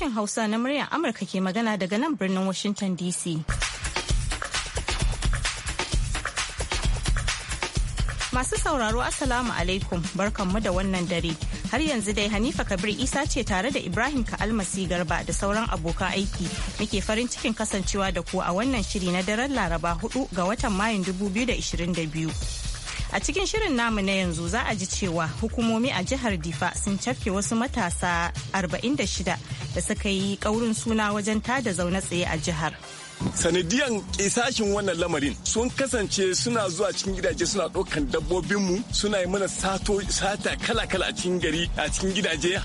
sashen Hausa na muryar Amurka ke magana daga nan birnin Washington DC. Masu sauraro Assalamu alaikum barkanmu da wannan dare. Har yanzu dai Hanifa Kabir Isa ce tare da Ibrahim Ka'almasi Garba da sauran abokan aiki muke farin cikin kasancewa da ku a wannan shiri na daren Laraba 4 ga watan Mayun 2022. A cikin shirin namu na yanzu za a ji cewa hukumomi a jihar Difa sun cafke wasu matasa 46 da suka yi kaurin suna wajen tada zaune tsaye a jihar. sanadiyan kisashin wannan lamarin sun kasance suna zuwa cikin gidaje suna ɗaukan dabbobinmu suna yi mana sata kala-kala a cikin gari a cikin gidaje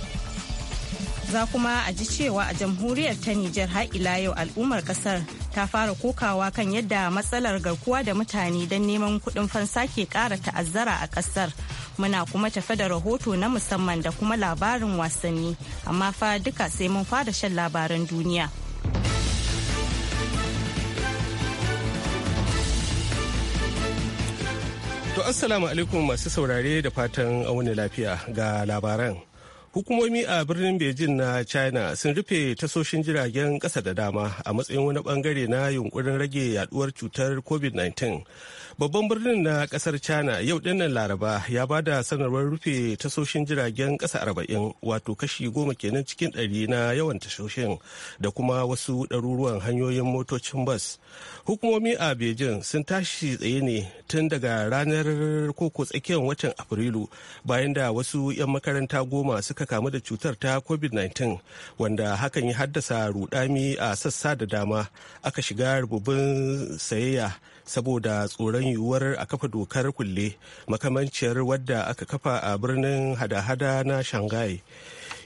za kuma a ji cewa a jamhuriyar ta Nijar har ila yau al'ummar kasar ta fara kokawa kan yadda matsalar garkuwa da mutane don neman kudin fansa ke kara ta'azzara a ƙasar. Muna kuma tafe da rahoto na musamman da kuma labarin wasanni, amma fa duka sai mun fara shan labaran duniya. To Assalamu alaikum masu saurare da fatan auni lafiya ga labaran. hukumomi a birnin beijing na china sun rufe tasoshin jiragen kasa da dama a matsayin wani bangare na yunkurin rage yaduwar cutar covid-19 babban birnin na kasar china yau dinnan laraba ya ba da sanarwar rufe tasoshin jiragen kasa arba'in wato kashi goma kenan cikin ɗari na yawan tasoshin da kuma wasu ɗaruruwan hanyoyin motocin bas hukumomi a beijing sun tashi tsaye ne tun daga ranar koko tsakiyar watan afrilu bayan da wasu 'yan makaranta goma suka kamu da cutar ta covid-19 wanda hakan ya haddasa rudami a sassa da dama aka shiga rububin sayayya saboda tsoron yiwuwar a kafa dokar kulle makamanciyar wadda aka kafa a birnin hada-hada na shanghai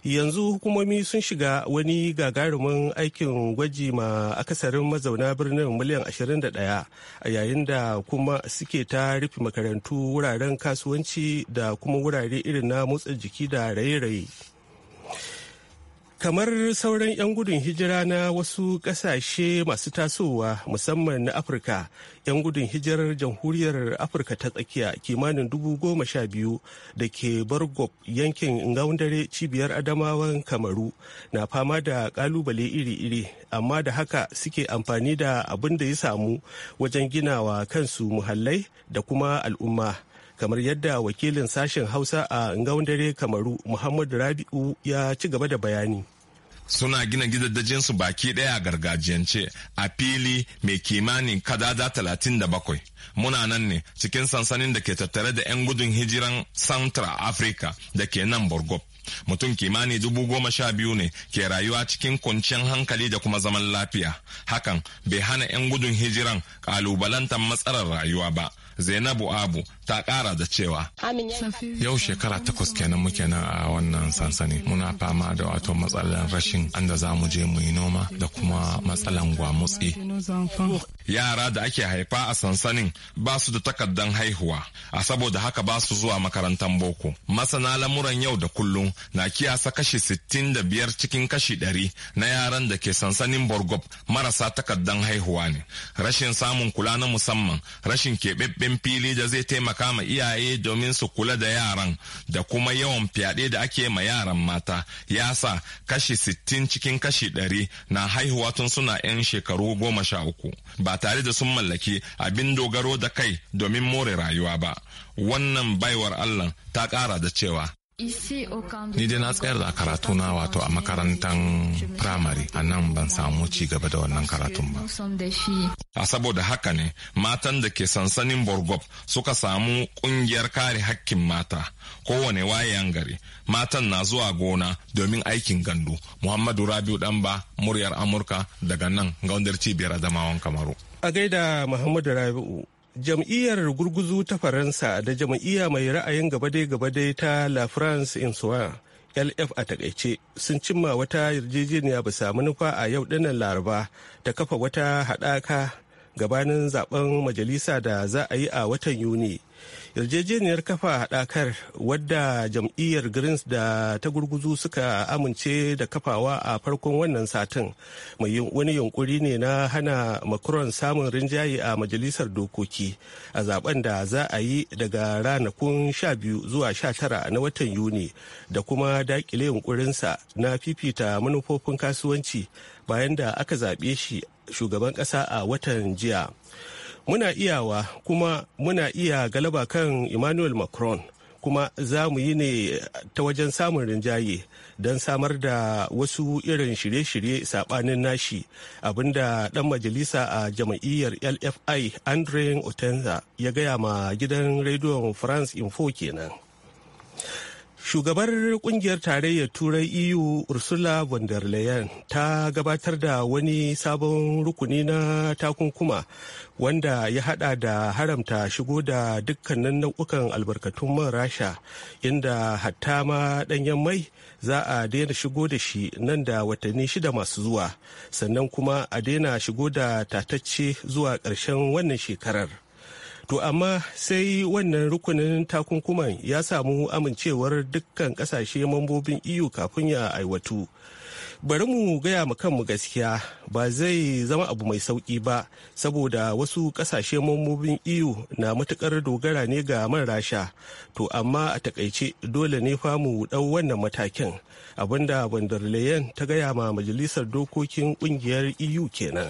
yanzu hukumomi sun shiga wani gagarumin aikin gwaji ma akasarin mazauna birnin miliyan 21 a yayin da kuma suke ta rufe makarantu wuraren kasuwanci da kuma wurare irin na motsa jiki da raye-raye kamar sauran 'yan gudun hijira na wasu ƙasashe masu tasowa musamman na afirka 'yan gudun hijirar jamhuriyar afirka ta tsakiya kimanin dubu goma sha biyu da ke bargob yankin dare cibiyar adamawan kamaru na fama da ƙalubale iri-iri amma da haka suke amfani da abin da ya samu wajen ginawa kansu muhallai da kuma al'umma kamar yadda wakilin sashen hausa a ngawon dare kamaru muhammadu rabi'u ya ci gaba da bayani suna gina su baki daya a gargajiyance a fili mai kimanin kadada talatin da bakwai muna nan ne cikin sansanin da ke tattare da 'yan gudun hijiran central africa da ke nan borgop mutum kimani dubu goma sha biyu ne ke rayuwa cikin kwanciyar hankali da kuma zaman lafiya hakan bai hana 'yan gudun hijiran kalubalantar matsalar rayuwa ba zainabu abu ta kara da cewa yau shekara takwas kenan muke nan a wannan sansani muna fama da wato matsalar rashin an za mu je mu yi noma da kuma matsalan gwamutsi yara da ake haifa a sansanin ba su da takardan haihuwa a saboda haka ba su zuwa makarantar boko masana lamuran yau da kullum na kiyasa kashi sittin da biyar cikin kashi 100 na yaran da ke sansanin borgob marasa takardan haihuwa ne rashin samun kula na musamman rashin keɓaɓɓen fili da zai taimaka kama iyaye domin su kula da yaran da kuma yawan fyaɗe da ake ma yaran mata ya sa kashi sittin cikin kashi ɗari na haihuwa tun suna 'yan shekaru goma sha uku ba tare da sun mallaki abin dogaro da kai domin more rayuwa ba wannan baiwar allah ta ƙara da cewa Ni dai na tsayar da karatu na wato a makarantar firamare a nan ban samu ci gaba da wannan karatun ba. A saboda haka ne matan da ke sansanin Borgob suka samu kungiyar kare hakkin mata kowane wayan gari matan na zuwa gona domin aikin gandu. Muhammadu Rabiu ba muryar Amurka daga nan gaundar cibiyar Adamawan Kamaru. A gaida Muhammadu Rabiu jam'iyyar gurguzu ta faransa da jam'iyya mai ra'ayin gabadai-gabadai ta la france insouin lf a takaice sun cimma wata yarjejeniya ba samu nufa a yau dinnan laraba ta kafa wata haɗaka gabanin zaben majalisa da za a yi a watan yuni yarjejeniyar kafa haɗakar wadda jam'iyyar greens da ta gurguzu suka amince da kafawa a farkon wannan satin mai wani yunkuri ne na hana macron samun rinjaye a majalisar dokoki a zaben da za a yi daga ranakun 12 zuwa 19 na watan yuni da kuma dakile yunkurinsa na fifita manufofin kasuwanci bayan da aka zaɓe shi shugaban ƙasa a watan jiya muna iyawa kuma muna iya galaba kan emmanuel macron kuma za mu yi ne ta wajen samun rinjaye don samar da wasu irin shirye-shirye sabanin nashi abinda dan majalisa a jam'iyyar lfi andre otenza ya gaya ma gidan rediyon france info kenan Shugabar kungiyar tarayyar Turai EU Ursula von der Leyen ta gabatar da wani sabon rukuni na takunkuma wanda ya hada da haramta shigo da dukkanin nau'ukan albarkatun man rasha inda hatta ma danyen mai za a daina shigo da shi nan da watanni shida masu zuwa sannan kuma a daina shigo da tatacce zuwa ƙarshen wannan shekarar. To amma sai wannan rukunin takunkuman ya samu amincewar dukkan kasashe mambobin EU kafin ya aiwatu. Bari mu gaya mu kanmu gaskiya ba zai zama abu mai sauƙi ba saboda wasu kasashe mambobin EU na matukar dogara ne ga man rasha. To amma a takaice dole ne famu ɗau wannan matakin abinda bandar Leyen ta gaya ma majalisar dokokin ƙungiyar EU kenan.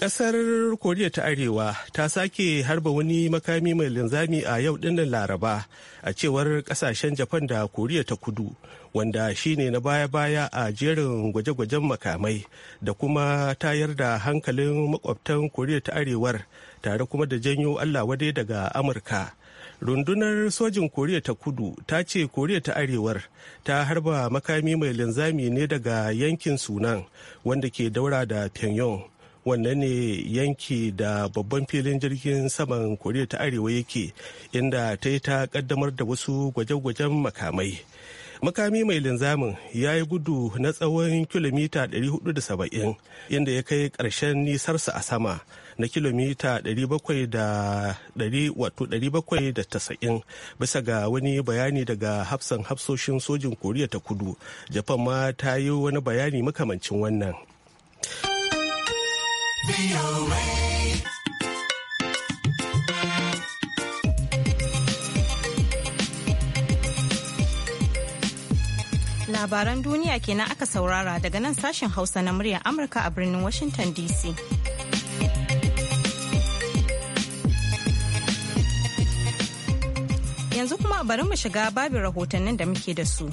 Ƙasar Koriya ta Arewa ta sake harba wani makami mai linzami a yau dinnan Laraba a cewar ƙasashen Japan da Koriya ta Kudu wanda shine na baya-baya a jerin gwaje-gwajen makamai da kuma tayar da hankalin makwabtan Koriya ta Arewar tare kuma da janyo Allah wade daga Amurka. Rundunar sojin Koriya ta Kudu ta ce Koriya ta Arewar ta harba makami mai linzami ne daga yankin Sunan wanda ke daura da Pyongyang. wannan ne yanki da babban filin jirgin saman koriya ta arewa yake inda ta yi ta kaddamar da wasu gwaje-gwajen makamai makami mai linzamin ya yi gudu na tsawon kilomita 470 inda ya kai karshen nisarsa a sama na kilomita 790 bisa ga wani bayani daga hafsan hafsoshin sojin koriya ta kudu japan ma ta yi wani bayani makamancin wannan Labaran duniya kenan aka saurara daga nan sashen Hausa na muryar Amurka a birnin Washington DC. Yanzu kuma bari mu shiga babin rahotannin da muke da su.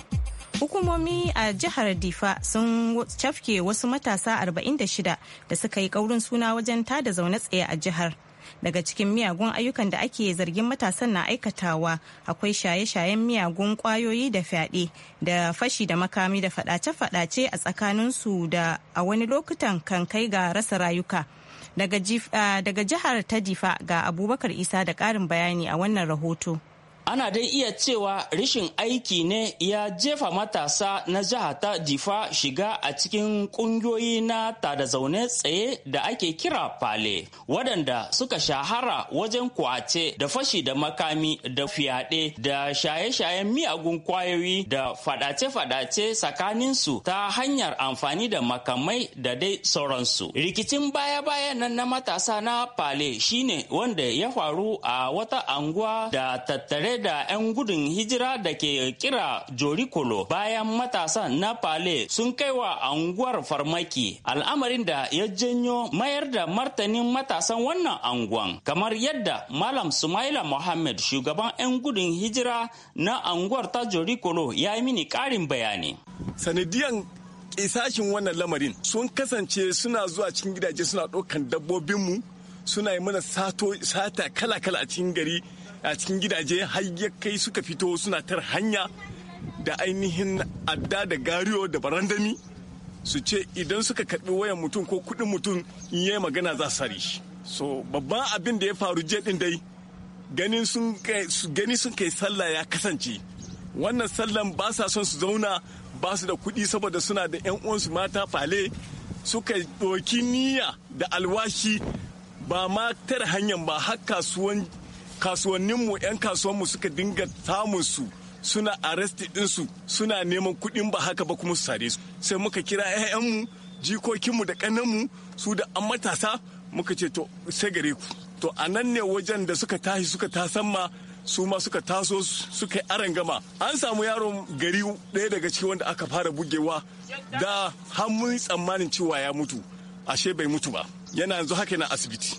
Hukumomi a jihar Difa sun cafke wasu matasa 46 da suka yi kaurin suna wajen tada zaune tsaye a jihar. Daga cikin miyagun ayyukan da ake zargin matasan na aikatawa akwai shaye-shayen miyagun kwayoyi da fyaɗe da fashi da makami da faɗace-faɗace a tsakaninsu da a wani lokutan kan kai ga rasa rayuka. Daga jihar ta Difa ga Abubakar Isa da ƙarin bayani a wannan rahoto. ana dai iya cewa rashin aiki ne ya jefa matasa na jiha ta difa shiga a cikin ƙungiyoyi na tada zaune tsaye da ake kira fale waɗanda suka shahara wajen kwace da fashi da makami da fyaɗe da shaye-shayen miyagun kwayoyi da fadace-fadace tsakaninsu ta hanyar amfani da makamai da dai sauransu rikicin baya-baya nan na matasa na fale shine wanda ya faru a wata anguwa da tattare da 'yan gudun hijira da ke kira jorikolo bayan matasa na pale sun kai wa anguwar farmaki al'amarin da ya janyo mayar da martanin matasan wannan anguwan kamar yadda malam sumaila mohammed shugaban 'yan gudun hijira na anguwar ta jorikolo ya yi mini karin bayani sanadiyan isashin wannan lamarin sun kasance suna zuwa cikin gidaje suna ɗaukan dabbobinmu suna yi mana sata kala-kala a cikin gari a cikin gidaje har ya kai suka fito suna tar hanya da ainihin adda da gariyo da barandami su ce idan suka karbi wayan mutum ko kudin mutum in yi magana za su sare so babban abin da ya faru je din dai sun gani sun kai sallah ya kasance wannan sallan ba sa son su zauna ba su da kuɗi saboda suna da 'yan uwansu mata fale suka ɗoki niyya da alwashi ba ma tar hanyar ba har kasuwan kasuwanninmu 'yan kasuwanmu suka dinga samun su suna arresti ɗinsu suna neman kuɗin ba haka ba kuma su sare su sai muka kira 'ya'yanmu jikokinmu da ƙananmu su da an matasa muka ce to sai gare ku to a nan ne wajen da suka tashi suka tasamma su ma suka taso suka yi gama an samu yaron gari ɗaya daga cikin wanda aka fara bugewa da hannun tsammanin cewa ya mutu ashe bai mutu ba yana yanzu haka na asibiti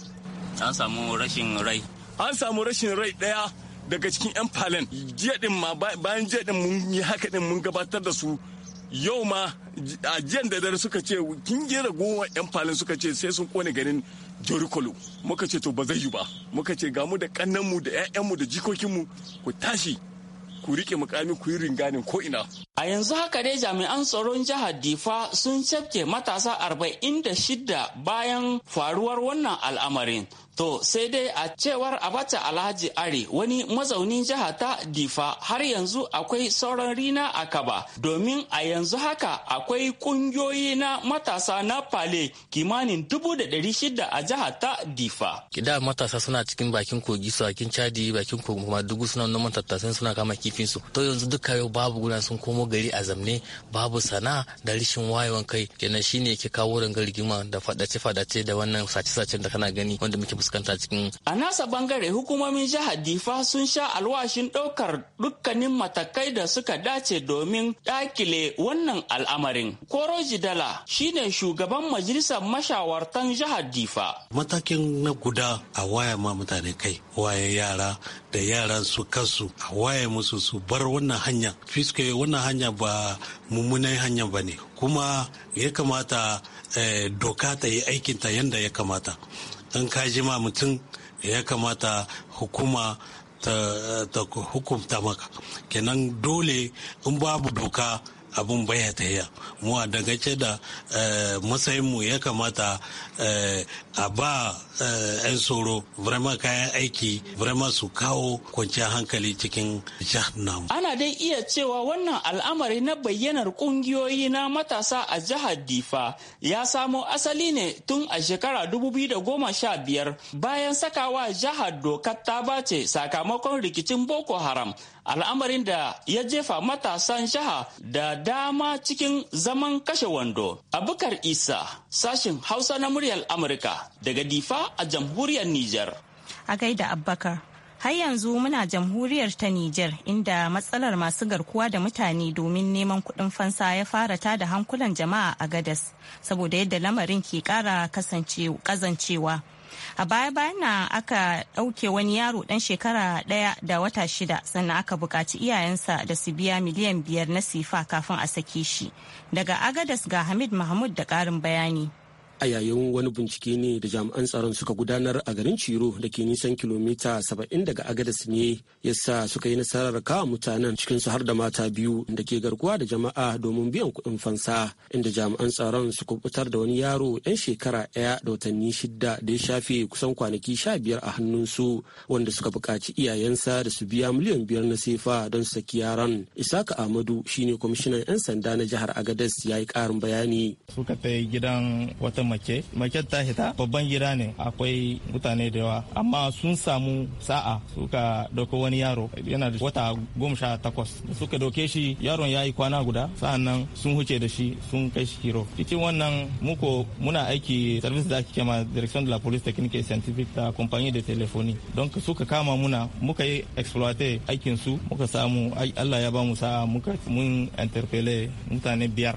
an samu rashin rai an samu rashin rai ɗaya daga cikin 'yan falen jiya ma bayan jiya mun yi haka din mun gabatar da su yau ma a jiyan da dare suka ce kin gera goma 'yan falen suka ce sai sun kone ganin jorikolo muka ce to ba zai yi ba muka ce gamu da kannanmu da 'ya'yanmu da jikokinmu ku tashi ku rike mukamin ku yi ringanin ko A yanzu haka dai jami'an tsaron jihar Difa sun cafke matasa 46 bayan faruwar wannan al'amarin To sai dai a cewar Abacha Alhaji Are wani mazaunin jiha ta Difa har yanzu akwai sauran rina a kaba domin a yanzu haka akwai kungiyoyi na matasa na Pale kimanin dubu da ɗari shida a jiha ta Difa. Kida matasa suna cikin bakin kogi su bakin cadi bakin kogi kuma dubu suna noman tattasin suna kama kifin su. To yanzu duka yau babu guda sun komo gari a zamne babu sana da rishin wayewan kai kenan shine ke kawo rangar rigima da fadace-fadace da wannan sace-sacen da kana gani wanda muke fuskanta cikin. A nasa bangare hukumomin jihar Difa sun sha alwashin ɗaukar dukkanin matakai da suka dace domin dakile wannan al'amarin. Koro Jidala shine shugaban majalisar mashawartan jihar Difa. Matakin na guda a waya ma mutane kai, waye yara da yara su kansu a waye musu su bar wannan hanya. Fiske wannan hanya ba mummunan hanya ba ne. Kuma ya kamata eh, doka ta yi aikinta yadda ya kamata in ka jima mutum ya kamata hukuma ta hukumta maka kenan dole in babu doka abin bai tahiya mu a ce da eh, matsayinmu ya kamata eh, a ba eh, 'yan tsoro vraiment kayan aiki vraiment su kawo kwanciyar hankali cikin jihar namu ana dai iya cewa wannan al'amari na bayyanar kungiyoyi na matasa a jihar difa ya samo asali ne tun a shekara 2015 bayan sakawa jihar dokar ta bace sakamakon rikicin boko haram al'amarin da ya jefa matasan jiha da dama cikin zaman kashe wando. a Abukar Isa, sashin Hausa na muryar Amurka daga Difa a jamhuriyar Nijar. A gaida Abubakar. Har yanzu muna jamhuriyar ta Nijar inda matsalar masu garkuwa da mutane domin neman kuɗin fansa ya fara ta da hankulan jama'a a Gadas saboda yadda lamarin ke ƙara kazancewa. a baya bayan na aka ɗauke wani yaro ɗan shekara ɗaya da wata shida sannan aka bukaci iyayensa da su biya miliyan biyar na sifa kafin a sake shi daga agadas ga hamid mahmud da ƙarin bayani a yayin wani bincike ne da jami'an tsaron suka gudanar a garin ciro da ke nisan kilomita 70 daga agadas ne yasa suka yi nasarar kawo mutanen cikinsu har da mata biyu da ke garkuwa da jama'a domin biyan kuɗin fansa inda jami'an tsaron suka kubutar da wani yaro yan shekara ɗaya da watanni shida da ya shafe kusan kwanaki sha biyar a hannunsu wanda suka buƙaci iyayensa da su biya miliyan biyar na sefa don su saki yaran isaka amadu shine kwamishinan 'yan sanda na jihar agadas ya yi ƙarin bayani suka gidan wata mace mace ta hita babban gida ne akwai mutane da yawa amma sun samu sa'a suka dauko wani yaro yana da wata goma sha takwas da suka dauke shi yaron ya yi kwana guda sa'an nan sun huce da shi sun kai shi kiro cikin wannan muko muna aiki service da ake kema direction de la police technique et scientifique ta compagnie de téléphonie donc suka kama muna muka yi exploite aikin su muka samu Allah ya ba mu sa'a muka mun interpelle mutane biyar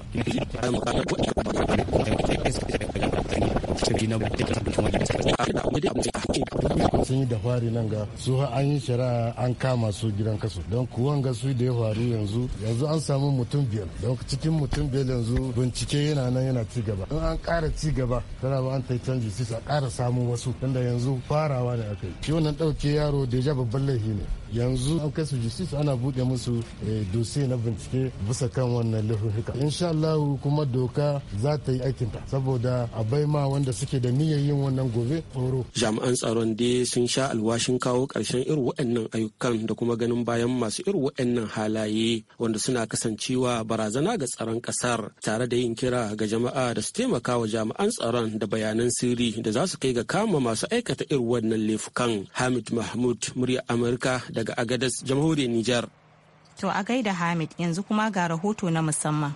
tafi na bude da sabbin wani sun yi da fari nan ga su an yi shari'a an kama su gidan kasu don kuwan ga su da ya faru yanzu yanzu an samu mutum biyar don cikin mutum biyar yanzu bincike yana nan yana ci gaba in an ƙara ci gaba tana ba an ta canji sai a ƙara samun wasu tunda yanzu farawa ne aka yi shi wannan ɗauke yaro da ya babban laifi ne yanzu an kai su justice ana buɗe musu eh, dosiye na bincike bisa kan wannan laifuka insha Allah kuma doka za ta yi aikinta saboda a bai ma wanda suke da niyyar yin wannan gobe tsoro jami'an tsaron dai sun sha alwashin kawo karshen irin waɗannan ayyukan da kuma ganin bayan masu irin waɗannan halaye wanda suna kasancewa barazana ga tsaron ƙasar tare da yin kira ga jama'a da su taimaka wa jami'an tsaron da bayanan sirri da za su kai ga kama masu aikata irin wannan laifukan hamid mahmud murya amurka da daga Agadas, jamhuriyar Nijar. To a gaida Hamid yanzu kuma ga rahoto na musamman.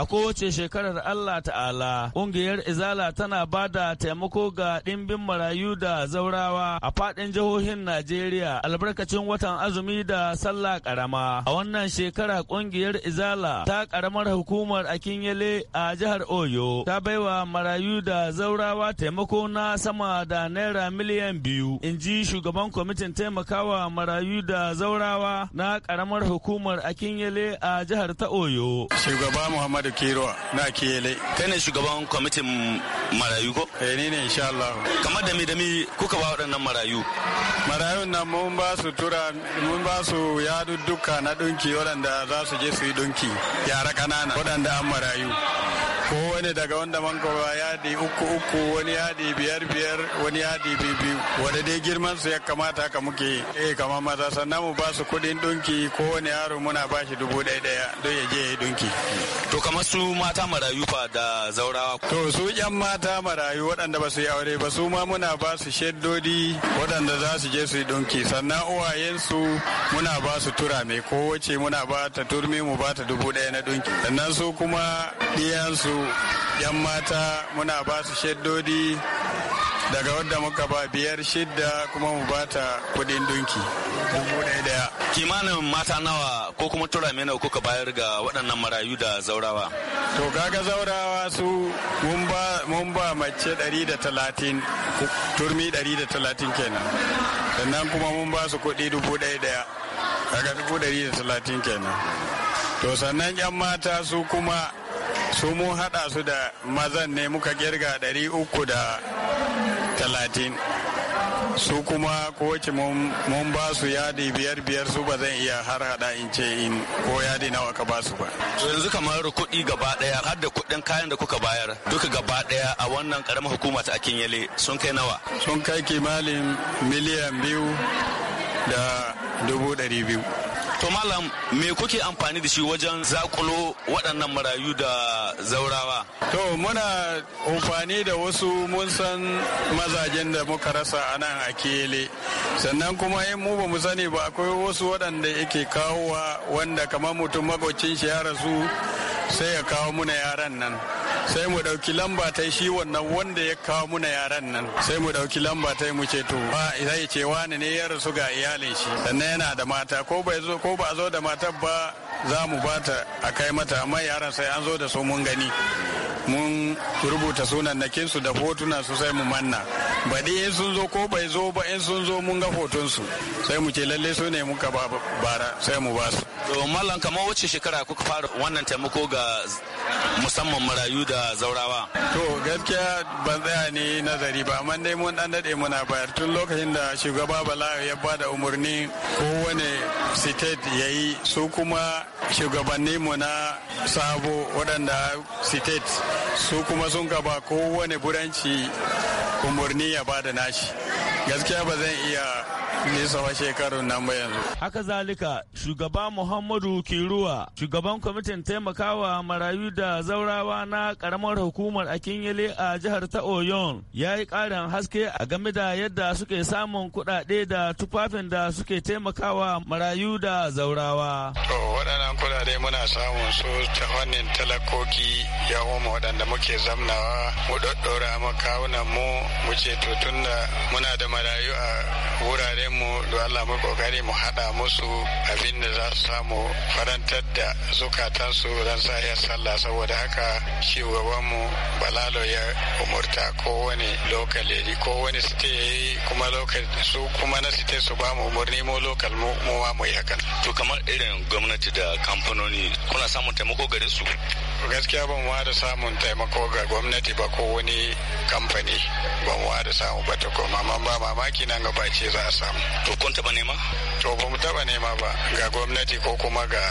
A kowace shekarar Allah ta'ala ƙungiyar Izala tana ba da taimako ga ɗimbin marayu da zaurawa a faɗin jihohin Najeriya albarkacin watan azumi da sallah Karama A wannan shekara ƙungiyar Izala ta ƙaramar hukumar Akinyele a jihar Oyo ta baiwa marayu da zaurawa taimako na sama da naira miliyan biyu in ji shugaban kwamitin taimakawa marayu da zaurawa na ƙaramar hukumar Akinyele a jihar ta Oyo. Shugaba Muhammad Muhammadu Kiro na Kiyele. Kai ne shugaban kwamitin marayu ko? Eh ni ne insha Allah. Kamar da mi da mi kuka ba waɗannan marayu? Marayun nan mun ba su tura mun ba su yadu duka na dunki waɗanda za su je su yi dunki yara ƙanana waɗanda an marayu. Kowa wani daga wanda man ya yadi uku uku wani yadi biyar biyar wani yadi biyu biyu wanda dai girman su ya kamata ka muke eh kamar maza sannan mu ba su kuɗin dunki ko wani yaro muna ba shi dubu ɗaya ɗaya don ya je ya dunki. To kamar su mata marayu fa da zaurawa. To su yan mata marayu waɗanda ba su yi aure ba su ma muna ba su sheddodi waɗanda za su je su yi dunki sannan uwayensu muna ba su tura mai ko wace muna ba ta turmi mu ba ta dubu ɗaya na dunki sannan su kuma ɗiyansu 'yan mata muna ba su shaddodi daga wadda muka ba biyar shidda kuma mu ba ta kudin dunki dubu ɗaya daya kimanin mata nawa ko kuma turame nawa kuka bayar ga waɗannan marayu da zaurawa to kaga zaurawa su mun ba mace 130 turmi ɗari da talatin kenan sannan kuma mun ba su kuɗi dubu ɗaya daya kaga dubu ɗari da talatin kenan to sannan 'yan mata su kuma su mun haɗa su da mazan ne muka girga ɗari uku da talatin su kuma kowace mun ba su yadi biyar biyar su ba zan iya har hada in ce in ko yadi nawa ka ba su ba yanzu kamar kuɗi gaba ɗaya har da kuɗin kayan da kuka bayar duka gaba ɗaya a wannan karamar hukuma ta yale sun kai nawa sun kai kimanin miliyan biyu da dubu ɗari biyu To malam me kuke amfani da shi wajen zakulo waɗannan marayu da zaurawa? To muna amfani da wasu mun san mazajen da muka rasa a nan a kele. Sannan kuma in mu ba mu sani ba akwai wasu waɗanda yake kawowa wanda kamar mutum magwacin shi ya rasu sai ya kawo muna yaran nan. sai mu ɗauki lamba ta shi wannan wanda ya kawo muna yaran nan sai mu ɗauki lamba ta mu ce to ba zai ce wani ne ya rasu ga iyalin shi sannan yana da mata ko ba zo ko ba zo da matar ba za mu bata a kai mata amma yaran sai an zo da su mun gani mun rubuta sunan su da hotuna su sai mu manna baɗi in sun zo ko bai zo ba in sun zo mun ga hotonsu sai mu ce lalle su ne muka bara sai mu ba su. to mallam kamar wacce shekara kuka fara wannan taimako ga musamman marayu da zaurawa. To gaskiya ban tsaya ni nazari ba amma dai mun dan daɗe muna bayar tun lokacin da shugaba Bala ya ba da umarni kowane state ya yi su kuma shugabanni mu na sabo waɗanda state su kuma sun gaba kowane buranci umarni ya ba da nashi. Gaskiya ba zan iya nisa wa shekaru nan ba yanzu. Haka zalika shugaba Muhammadu Kiruwa shugaban kwamitin taimakawa marayu da zaurawa na karamar hukumar Akinyele a jihar ta Oyon ya yi ƙarin haske a game da yadda suke samun kuɗaɗe da tufafin da suke taimakawa marayu da zaurawa. To waɗannan kuɗaɗe muna samun su ta wannan talakoki ya yawon waɗanda muke zamnawa mu ɗaɗɗora kawunan mu mu ce to tunda muna da marayu a wuraren mu da Allah mu kokari mu hada musu abin da za su samu farantar da zukatansu don sahiyar sallah saboda haka shugabanmu balalo ya umurta kowane lokal yari kowane site ya yi kuma lokal su kuma na site su ba mu umarni mu lokal mu mu ma mu yi hakan. To kamar irin gwamnati da kamfanoni kuna samun taimako gare su? Gaskiya ban wa da samun taimako ga gwamnati ba ko wani kamfani ban wa da samu ba ta koma amma ba mamaki nan gaba ce za a samu. to kun taba nema to ba mu taba nema ba ga gwamnati ko kuma ga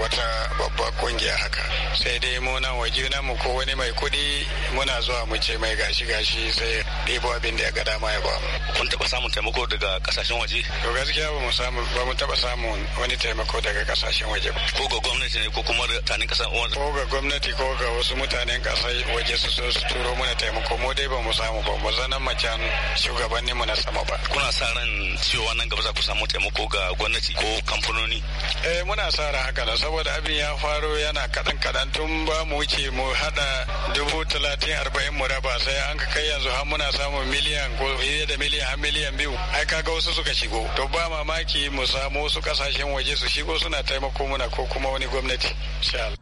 wata babbar kungiya haka sai dai mu nan waje mu ko wani mai kudi muna zuwa mu ce mai gashi gashi sai ɗebo abin da ya ga dama ya ba mu kun taba samun taimako daga kasashen waje to gaskiya ba mu samu ba mu taba samun wani taimako daga kasashen waje ba ko ga gwamnati ne ko kuma mutanen kasan uwan ko ga gwamnati ko ga wasu mutanen kasai waje su so su turo muna taimako mu dai ba mu samu ba mu zanan macen shugabanninmu na sama ba kuna sa ran cewa nan gaba za ku samu taimako ga gwamnati ko kamfanoni? Eh muna sa ran haka da saboda abin ya faro yana kaɗan kaɗan tun ba mu wuce mu hada dubu talatin arba'in mu raba sai an ka kai yanzu har muna samun miliyan ko fiye da miliyan har miliyan biyu ai kaga wasu suka shigo to ba mamaki mu samu wasu kasashen waje su shigo suna taimako muna ko kuma wani gwamnati.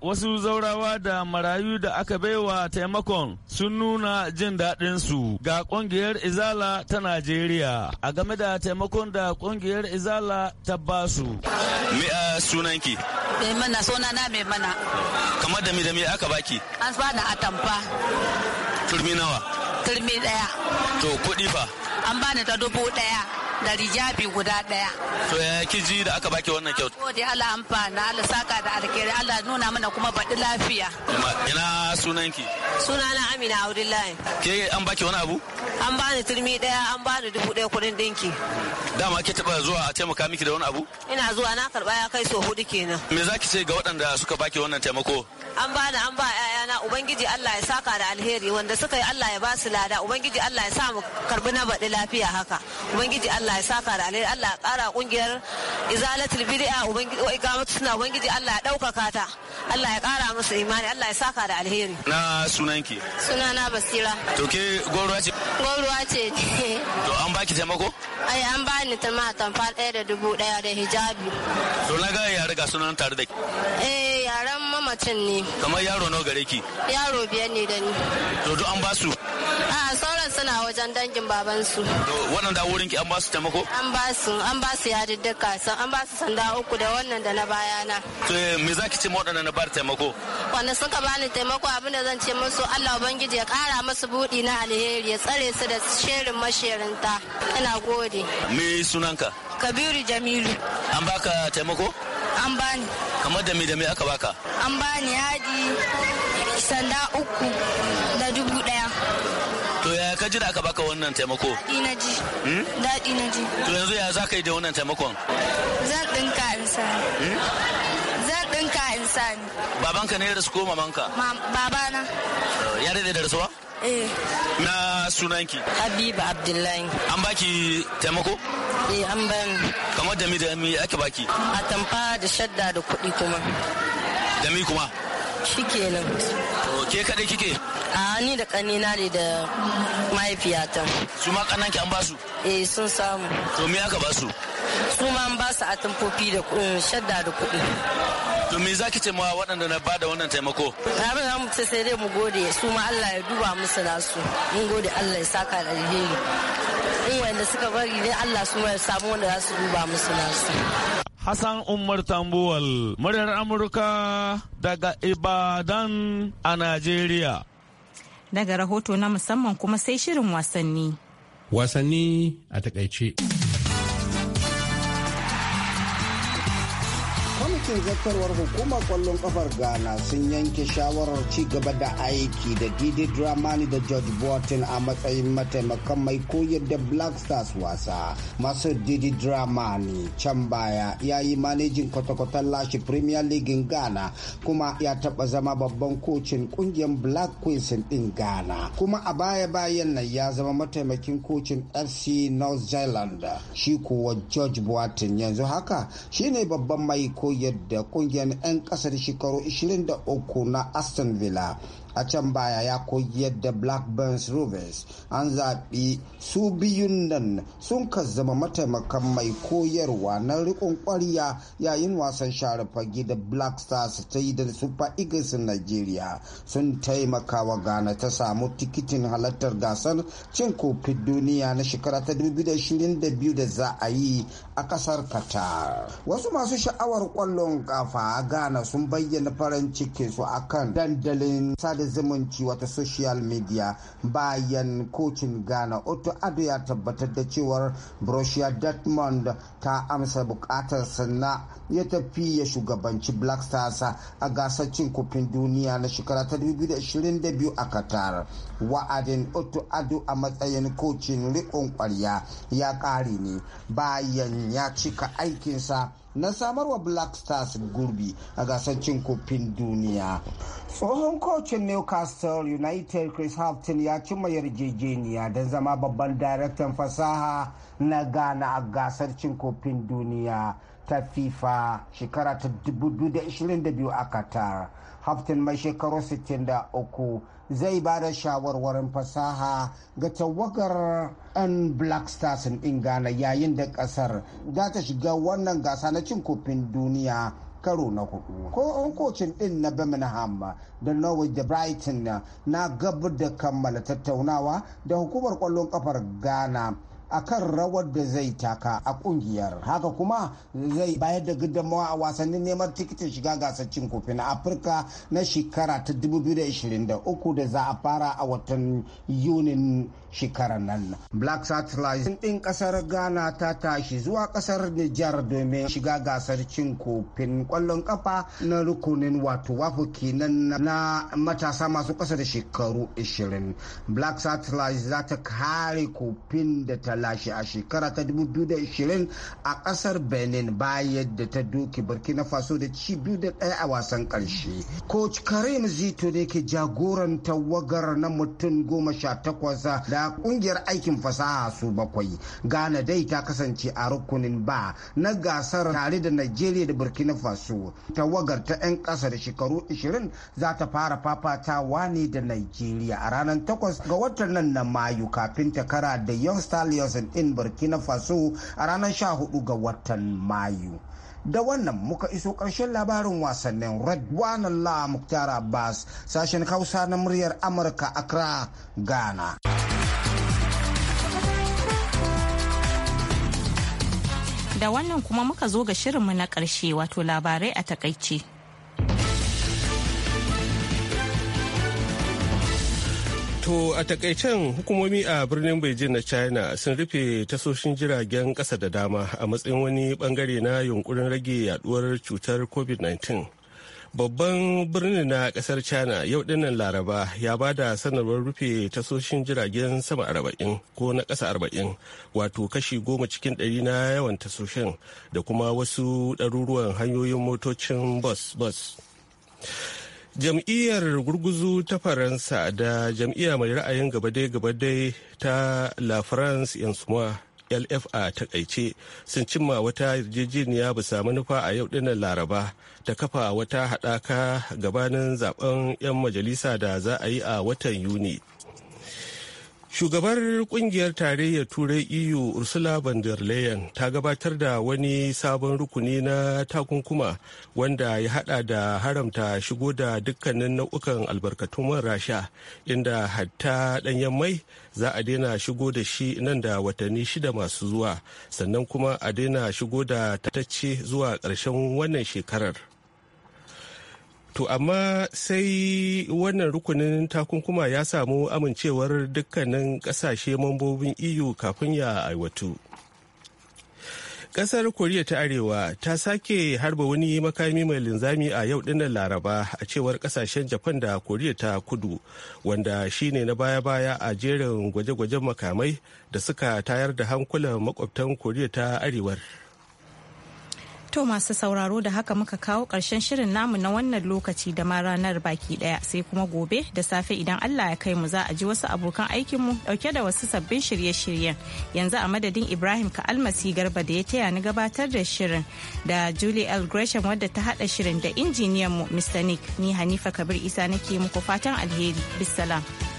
Wasu zaurawa da marayu da aka baiwa taimakon sun nuna jin daɗinsu ga ƙungiyar Izala ta Najeriya a game da taimakon taimakon da kungiyar izala ta basu. Me a ah, sunanki? Me mana suna na me mana. Kamar da me da me aka baki? An bada atamfa. Turmi nawa? Turmi daya. To kuɗi fa? An bani ta dubu daya. da rijabi guda ɗaya. To ya kiji da aka baki wannan kyautu? Gode Allah amfana Allah saka da alkhairi Allah nuna mana kuma baɗi lafiya. Ina sunanki? Sunana Amina Abdullahi. Ke an baki wani abu? An bani turmi daya an bani dubu daya kuɗin dinki. Dama ke taɓa zuwa a taimaka miki da wani abu? Ina zuwa na karɓa ya kai so hudu kenan. Me za ki ce ga waɗanda suka baki wannan taimako? An bani an ba rana ubangiji Allah ya saka da alheri wanda suka yi Allah ya ba su lada ubangiji Allah ya sa mu karbi na baɗi lafiya haka ubangiji Allah ya saka da alheri Allah ya ƙara ƙungiyar izalatul bid'a ubangiji wa iqamatu suna ubangiji Allah ya ɗaukaka ta Allah ya ƙara musu imani Allah ya saka da alheri na sunanki sunana basira to ke goruwa ce goruwa ce to an baki taimako ai an ba ni ma tamfa da dubu ɗaya da hijabi to na ga ya riga sunan tare da ke eh mutum ne. Kamar yaro nawa gare ki? Yaro biyar ne da ni. To duk an basu? A sauran suna wajen dangin babansu. To wannan da wurin ki an basu taimako? An basu, an basu yadiddika, an basu sanda uku da wannan da na baya na. To eh, me za ki ce ma waɗanda na bar taimako? Wanda suka bani taimako abin da zan ce musu Allah Ubangiji ya ƙara musu buɗi na alheri ya tsare su da shirin mashirinta. Ina gode. Me sunanka? Kabiru Jamilu. An baka taimako? An bani. Kamar da me da me aka baka? An bani yadi sanda uku da dubu ɗaya. To ya ka ji da aka baka wannan taimako? Daɗi na ji. Hmm? Daɗi na ji. To yanzu ya za ka yi da wannan taimakon? Zan ɗinka in sa hmm? Zan ɗinka in sani. Babanka ne ya rasu ko mamanka? Babana. Eh, ya daɗe da rasuwa? Eh. Na sunanki? Habiba Abdullahi. An baki taimako? Eh an bani. Kamar da mi da mi ake baki? A tamfa da shadda da kuɗi kuma. Da mi kuma? Shikenan. To ke kaɗai kike? A ni da ƙanina ne da mahaifiyata. Su ma ƙanan an an basu? Eh sun samu. To me aka basu? su ma ba su atamfofi da eh, shadda da kuɗi. To me za ki ce ma waɗanda na bada wannan taimako? Abin za mu ce sai dai mu gode su ma Allah ya duba musu nasu. Mun gode Allah ya saka da alheri. In wanda suka bari ne Allah su ma ya samu wanda za su duba musu nasu. Hassan Umar Tambuwal, muryar Amurka daga Ibadan a Najeriya. Daga rahoto na musamman kuma sai shirin wasanni. Wasanni a takaice. kwamitin zartarwar hukumar kwallon kafar ghana sun yanke shawarar ci gaba da aiki da didi dramani da george Burton a matsayin mataimakan mai koyar da black stars wasa masu didi dramani can baya ya yi manejin kwatakwatan lashe premier league ghana kuma ya taba zama babban kocin kungiyar black queens din ghana kuma a baya-bayan nan ya zama mataimakin kocin fc north zealand shi kuwa george Burton yanzu haka shine babban mai koyar da kungiyar 'yan ƙasar shekaru 23 na aston villa a can baya ya koyi yadda blackburns rovers an zaɓi su biyun nan sun ka zama mataimakan mai koyarwa na rikon ƙwarya yayin wasan share fage da black stars ta yi da super eagles nigeria sun taimaka wa ghana ta samu tikitin halartar gasar cin kofin duniya na shekara ta 2022 da za a yi a ƙasar qatar wasu masu sha'awar ƙwallon kafa a ghana sun bayyana farin cikinsu akan dandalin sada sada zumunci wata social media bayan kocin ghana otto ado ya tabbatar da cewar borussia dortmund ta amsa bukatar na ya tafi ya shugabanci black stars a gasar cin kofin duniya na shekara ta 2022 a qatar wa'adin otto ado a matsayin kocin rikon kwarya ya kare ne bayan ya cika aikinsa na samarwa black stars gurbi a gasar cin kofin duniya tsohon kocin newcastle united chris hampton ya cimma yarjejeniya don zama babban daraktan fasaha na ghana a gasar cin kofin duniya ta fifa shekara ta 2022 a qatar haftin mai shekaru 63 zai ba da shawarwarin fasaha ga tawagar 'yan black stars in ghana yayin da kasar za ta shiga wannan gasa na cin kofin duniya karo na hudu ko an kocin din na birmingham da norway da brighton na gabu da kammala tattaunawa da hukumar kwallon kafar ghana a kan rawar da zai taka a kungiyar haka kuma zai bayar da gudunmawa a wasannin neman tikitin shiga gasar cin kofi na afirka na shekara ta 2023 da za a fara a watan yunin shekarar nan black satellite ɗin kasar ghana ta tashi zuwa kasar nijar domin shiga gasar cin kofin kwallon kafa na rukunin wato wafu kenan na matasa masu ƙasa da shekaru 20 black satellite za ta kare kofin da ta ta lashe a shekara ta 2020 a kasar benin bayan da ta doke burkina faso da ci biyu da ɗaya a wasan ƙarshe coach karim zito ne ke jagoran tawagar na mutum goma sha takwas da kungiyar aikin fasaha su bakwai ghana dai ta kasance a rukunin ba na gasar tare da nigeria da burkina faso tawagar ta 'yan ƙasa da shekaru 20 za ta fara fafatawa ne da nigeria a ranar 8 ga watan nan na mayu kafin ta kara da young stallion johnson ɗin Burkina Faso a ranar 14 ga watan Mayu. Da wannan muka iso ƙarshen labarin wasannin red la Muktar Abbas sashen Hausa na muryar Amurka Accra, Ghana. Da wannan kuma muka zo ga shirinmu na ƙarshe wato labarai a takaice. To a takaicen hukumomi a birnin Beijing na China sun rufe tasoshin jiragen kasa da dama a matsayin wani bangare na yunkurin rage yaduwar cutar COVID-19. Babban birnin na kasar China yau dinnan Laraba ya ba da sanarwar rufe tasoshin jiragen sama arba'in ko na kasa arba'in wato kashi goma cikin ɗari na yawan tasoshin da kuma wasu ɗaruruwan hanyoyin motocin bus-bus. jam'iyyar gurguzu ta faransa da jam'iyya mai ra'ayin gabadai-gabadai ta la france yansuma lfa ta kaice sun cimma wata yarjejeniya bisa manufa a yau dinnan laraba ta kafa wata haɗaka gabanin zaben 'yan majalisa da za a yi a watan yuni Shugabar kungiyar tarayyar Turai EU Ursula von der Leyen ta gabatar da wani sabon rukuni na takunkuma wanda ya hada da haramta shigo da dukkanin nau'ukan albarkatun man rasha inda hatta danyen mai za a daina shigo da shi nan da watanni shida masu zuwa sannan kuma a daina shigo da tatacce zuwa ƙarshen wannan shekarar. To amma sai wannan rukunin takunkuma ya samu amincewar dukkanin kasashe mambobin EU kafin ya aiwatu. Ƙasar Koriya ta Arewa ta sake harba wani makami mai linzami a yau dinnan Laraba a cewar kasashen Japan da Koriya ta Kudu wanda shine na baya-baya a jerin gwaje-gwajen makamai da suka tayar da hankulan makwabtan Koriya ta Arewar. To masu sauraro da haka muka kawo ƙarshen shirin namu na wannan lokaci da ma ranar baki ɗaya sai kuma gobe da safe idan Allah ya kai mu za a ji wasu abokan aikinmu ɗauke da wasu sabbin shirye-shiryen. Yanzu a madadin Ibrahim ka'almasi garba da ya taya ni gabatar da shirin da Julie L. Gresham wadda ta haɗa shirin da injiniyan mu Mr. Nick ni Hanifa Kabir Isa nake muku fatan alheri. Bissalam.